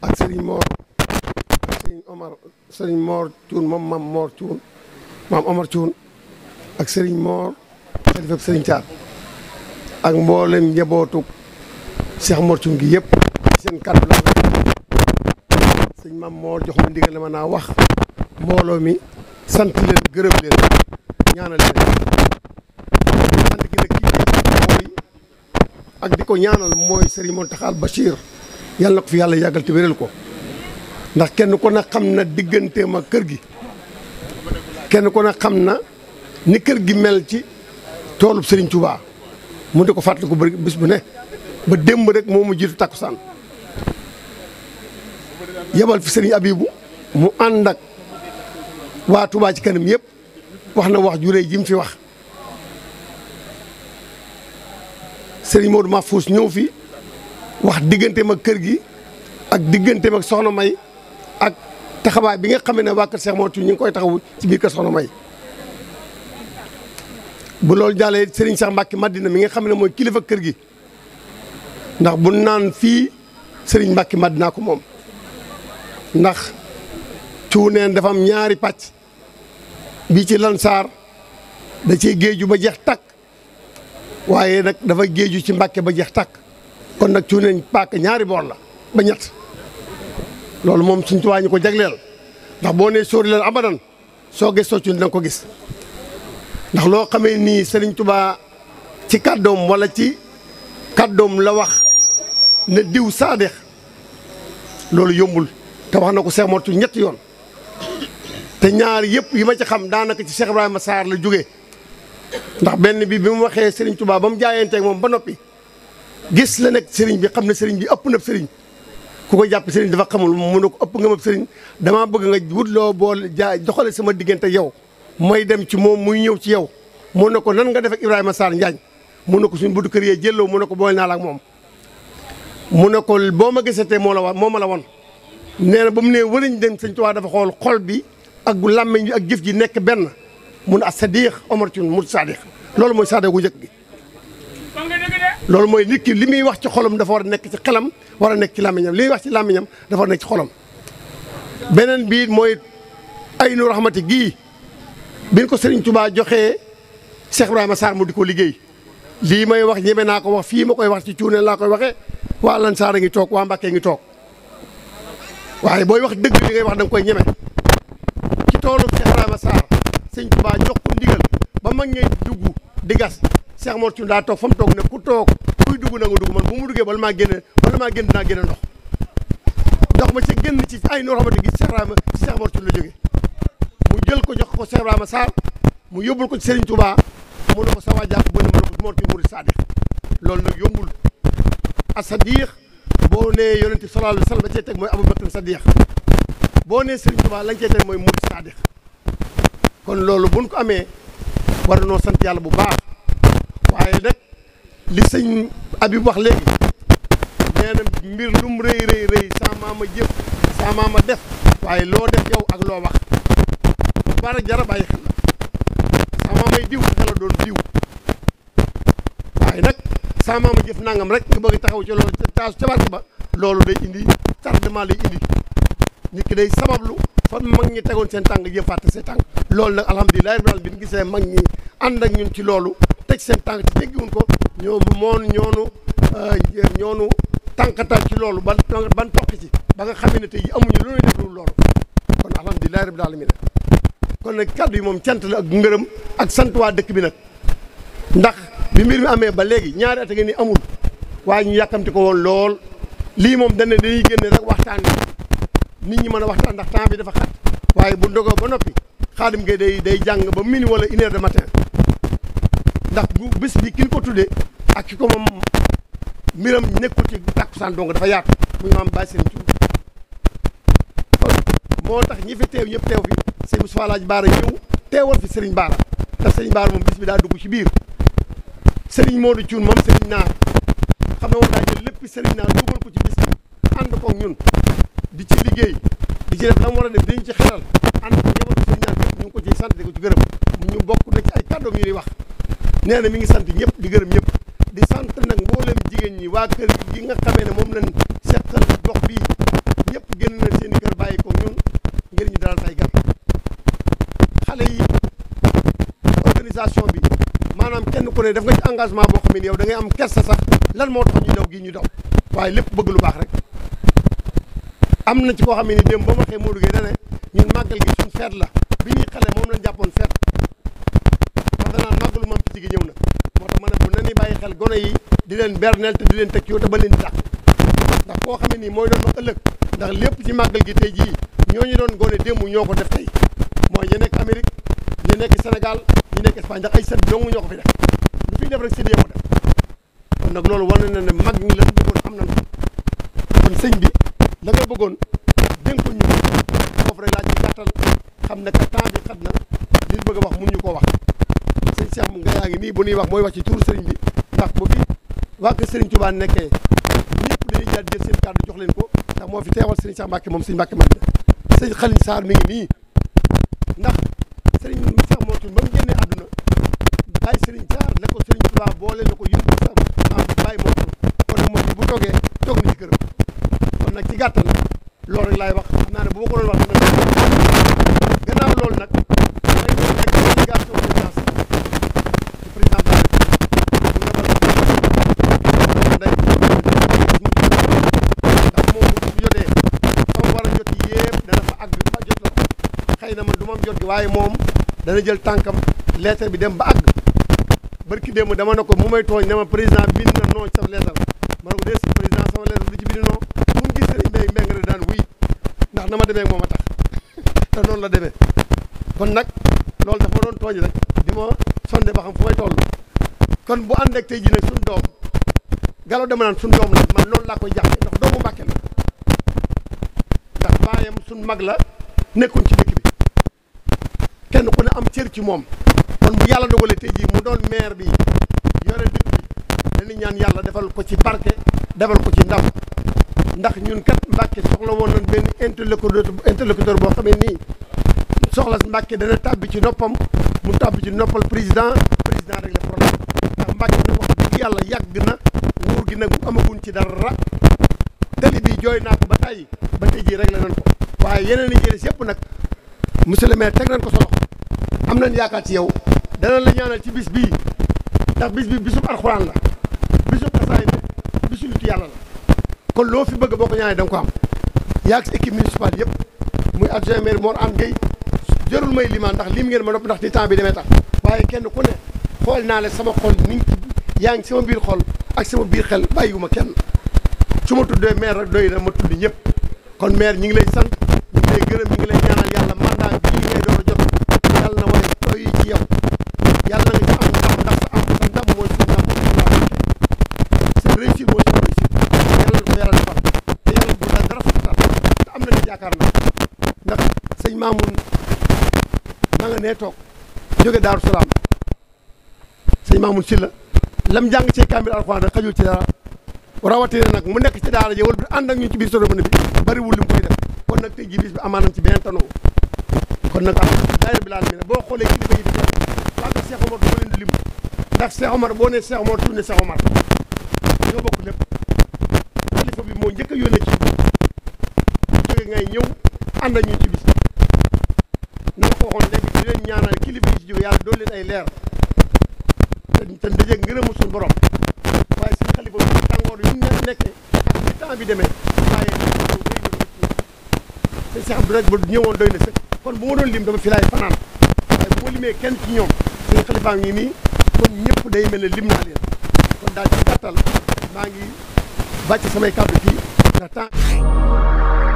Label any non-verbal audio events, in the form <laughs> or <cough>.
ak Serigne Mor Serigne Omar Serigne moom maam Mor Thioun maam Omar Thioun ak sëriñ Mor xalifab Serigne Thiar ak mboolem njabootu Cheikh Mor Thioun gi yëpp seen kàddu la sëñ maam Mor jox ma ndigal ma naa wax mbooloo mi sant leen gërëm leen ñaanal leen mooy ak di ko ñaanal mooy Serigne Mountakha Bachir yàlla na ko fi yàlla yàggal te wéral ko ndax kenn ko ne xam na digganteem ak kër gi kenn ku ne xam na ni kër gi mel ci toolub Serigne Touba mu di ko fàttaliku bëri bis bu ne ba démb rek moo mu jiitu takkusaan yebal fi Serigne Abibu mu ànd ak waa Touba ci kanam yëpp wax na wax jure ji mu fi wax Serigne Modou Mahfouz ñëw fi wax digganteem ak kër gi ak digganteem ak soxna May ak taxawaay bi nga xamee ne waa kër Cheikh Mouhamed Thioune ñu ngi koy taxawu ci biir kër soxna May. bu loolu jàllee Serigne Cheikh Mbacke Madina mi nga xam ne mooy kilifa kër gi ndax bu naan fii Serigne Mbacke Madina ko moom ndax Thioune dafa am ñaari pàcc bi ci Lansar da cee géeju ba jeex takk waaye nag dafa géeju ci Mbacke ba jeex tàkk. kon nag cuune paak ñaari boor la ba ñett loolu moom suñ tuwaa ñu ko jagleel ndax boo nee sóori leen abadan soo gëstoo cuune danga ko gis ndax loo xamee nii Sëriñ tubaa ci kàddoom walla ci kàddoom la wax ne diw saadex loolu yëmbul te wax na ko Cheikh Mor ñetti yoon te ñaari yëpp yi ma ci xam daanaka ci Cheikh ma saar la jóge ndax benn bi bi mu waxee Sëriñ tubaa ba mu jaayanteeg moom ba noppi gis la nag sëriñ bi xam ne sëriñ bi ëpp na sëriñ ku ko jàpp sëriñ dafa xamul mu ne ko ëpp nga ma sëriñ damaa bëgg nga wut loo bool jaa doxale sama diggante yow mooy dem ci moom muy ñëw ci yow mu ne ko nan nga def ak Ibrahima Sarr Njaañ mun ne ko suñ buddu kër yee jëlloo mu ne ko boole naa ak moom mu ne ko boo ma gisatee moo la wa moo ma la won nee na ba mu nee wëriñ dem sëñ waa dafa xool xool bi ak làmmiñ bi ak jëf ji nekk benn mun a sadiq Omar Thioune mu sadiq loolu mooy sadiq gu njëkk gi loolu mooy nit li muy wax ci xolam dafa war a nekk ci xelam war a nekk ci làmmiñam li muy wax ci làmmiñam dafa war a nekk ci xolam beneen biir mooy aynu rahmati gii biñ ko Serigne Touba joxee Cheikh Ibrahima Sarr mu di ko liggéey lii may wax ñeme naa ko wax fii ma koy wax ci cuune laa koy waxee waa lan Sarr a ngi toog ngi toog waaye booy wax dëgg wax da koy ñeme ci toolu Cheikh Ibrahima jox ko ndigal ba mag ngay dugg di gas Cheikh Mor Thioune toog fa mu toog ne ku toog kuy dugg na nga dugg man bu mu duggee bala maa génn bala maa génn dinaa génn ndox ndox ma ci génn ci ay noo xamante gi Cheikh Ibrahima ci Cheikh Mor mu jël ko jox ko Cheikh Ibrahima Sarr mu yóbbul ko ci Serigne Touba mu ne ko sa waa jàpp ba loolu nag yombul asadiq boo nee yonente sallallahu alayhi wa la cay teg mooy Aboubacar Sadiq boo nee Serigne la mooy Mouride Sadiq kon loolu buñ ko amee war nañoo sant yàlla bu baax waaye nag li sëñ Habib wax léegi nee na mbir lum rëy rëy rëy saa maama jëf saa maama def waaye loo def yow ak loo wax bara jara bàyyi xel waaye nag saa maama jëf nangam rek nga bëgg taxaw ci loolu taasu ca barke ba loolu day indi tardement lay indi nit ki day sabablu fan mag ñi tegoon seen tànk jëfaat seen tànk loolu nag alhamdulilah rabbil alamin bi ñu gisee mag ñi ànd ak ñun ci loolu teg seen tànk te teggiwuñ ko ñoo moon ñoonu euh, ñoonu tànkatal ci loolu ban ban toq ci ba nga xam ne tey yi amuñu lu ñuy def loolu kon alhamdulilah rabbil alamin kon nag kàddu yi moom cant la ak ngërëm ak sant waa dëkk bi nag ndax bi mbir mi amee ba léegi ñaari at a ngi ni amul waaye ñu yàkkamti ko woon lool lii moom dañ ne dañuy génne rek waxtaan nit ñi mën a waxtaan ndax temps bi dafa xat waaye bu ndogoo ba noppi xaadim ngay day day jàng ba minuit wala une heure de matin ndax bu bés bi ki ko tuddee ak ki ko moom mbiram nekkul ci tàkkusaan donc dafa yaatu muy maam Baye Serigne Thioune moo tax ñi fi teew ñëpp teew fi sëñ Laaj Baara ñëw teewal fi Serigne Baara ndax Serigne Baara moom bis bi daa dugg ci biir Serigne Modou Thioune moom Serigne Naar xam na woon daa jël lépp Serigne Naar dugal ko ci bis bi ànd koog ñun di ci liggéey di ci def la mu war a def ci xelal ànd ko njabootu Serigne Naar ñu ko ciy sant di ko ci gërëm ñu bokk na ci ay kàddoom yu wax. nee na mi ngi sant ñëpp di gërëm ñëpp di sant nag mboolem jigéen ñi waa kër gi nga xamee ne moom lañ seqal dox bii ñëpp génn nañ seen i kër bàyyi ko ñun ngir ñu dalal ay gan xale yi organisation bi maanaam kenn ku ne def nga ci engagement boo xam ne yow da ngay am kersa sax lan moo tax ñu daw gi ñu daw waaye lépp bëgg lu baax rek am na ci koo xam ne ni démb ba ma xëy Modou Gueye da ne ñun màggal gi suñ feet la bi ñuy xale moom lañ jàppoon feet cant gi ñëw na moo tax ma ne bu na ni bàyyi xel gone yi di leen berneel te di leen teg yow ba leen di tàq ndax koo xam ne nii mooy doon ma ëllëg ndax lépp ci màggal gi tey ñoo ñu doon gone démb ñoo ko def tey mooy ñi nekk Amérique ñi nekk senegal ñi nekk Espagne ndax ay sët dong ñoo ko fi def lu fiy def loolu war na ne mag ñi la bëggoon xam nañ ko kon sëñ bi la nga bëggoon dénk ko ñu foofu rek laa ci xam ne temps bi xat na li bëgg a wax mun ñu yaa ngi nii bu ñuy wax mooy wax ci turu sëriñ bi ndax bu fi waa kër sëriñ Tuubaa nekkee ñëpp dañuy jaar jël seen kàddu jox leen ko ndax moo fi teewal sëriñ Cheikh Mbacke moom sëriñ Mbacke Madina sëriñ Xalil Sarr mi ngi nii ndax sëriñ Cheikh Moutou ba mu a àdduna bàyyi sëriñ Sarr ne ko sëriñ Tuubaa boole na ko yóbbu sa maam bàyyi moo kon moom bu toogee toog na ci këram kon nag ci gàttal loolu laay wax xam naa jot gi waaye moom dana jël tànkam lettre bi dem ba àgg barki démb dama ne ko mu may tooñ ne ma président bind na noo sama lettre ma ne ko dee si président sama lettre lu ci bind noo mu ngi gis sëriñ mbay mbeng daan wuy ndax na ma demee moom a <laughs> te noonu la demee kon nag loolu dafa doon tooñ rek di ma sonde ba xam fu may toll kon bu ànd ak tey jii nag suñu doom Gallo dama naan suñu doom la man loolu laa koy jàppe ndax doomu Mbàkke la ndax baayam suñu mag la nekkoon ci am cër ci moom kon bu yàlla dogalee tey jii mu doon maire bi yore dëkk bi dañu ñaan yàlla defal ko ci barke defal ko ci ndam ndax ñun kat Mbàkke soxla woon nañ benn interlocuteur interlocuteur boo xamee nii soxla Mbàkke dana tàbbi ci noppam mu tàbbi ci noppal président président réglé problème ndax Mbàkke nag wax dëgg yàlla yàgg na nguur gi nag amaguñ ci dara tali bi jooy naa ko ba tàyyi ba tey jii réglé nañ ko waaye yeneen i njëriñ yëpp nag monsieur le maire teg ko solo am yaakaar ci yow danañ la ñaanal ci bis bii ndax bis bi bisub alxuraan la bisub tasaay bi bisu nitu yàlla la kon loo fi bëgg boo ko ñaanee da ko am yaag si équipe municipale yëpp muy adjoint maire Mor Am Gueye jërul may limaan ndax lim ngeen ma nopp ndax ni temps bi demee tax waaye kenn ku ne xool naa le sama xol ni yaa ngi sama biir xol ak sama biir xel bàyyiwuma kenn su ma tuddee maire rek doy na ma tudd ñëpp kon maire ñi ngi lay sant ñi ngi lay yaakaar naa ndax sëñ Mamoun ma nga nee toog jóge Daaru Salaam sëñ Mamoun si lam jàng ci kaamil alxuraan nag xajul ci dara rawatina nag mu nekk ci daara ji wala du ànd ak ñun ci biir solo mën bi bariwul li mu koy def kon nag tey jii bis bi amaanam ci beneen tanoo kon nag am ah, daayira bi laal mi ne boo xoolee kilifa yi di def waa ko Cheikh nee Cheikh Omar tuuti ne Cheikh Omar ñoo bokk lépp kilifa bi moo njëkk a ci ngay ñëw ànd ak ñu ci bis na ko waxoon léegi di leen ñaanal kilifa yi ci jóge yàlla doolu leen ay leer te te dajeeg ngërëmu suñu borom waaye suñu xalifa bi bu ma doon lim dama fi laay fanaan waaye bu ma limee kenn ngi nii kon ñëpp day mel ne lim naa leen kon daal ci gàttal maa ngi bàcc samay kàddu fii ndax temps